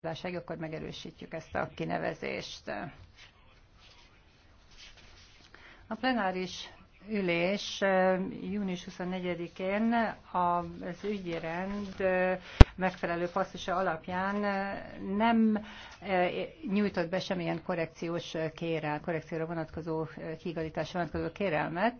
válság, akkor megerősítjük ezt a kinevezést. A plenáris ülés június 24-én az ügyrend megfelelő passzusa alapján nem nyújtott be semmilyen korrekciós kérel, korrekcióra vonatkozó kiigazításra vonatkozó kérelmet,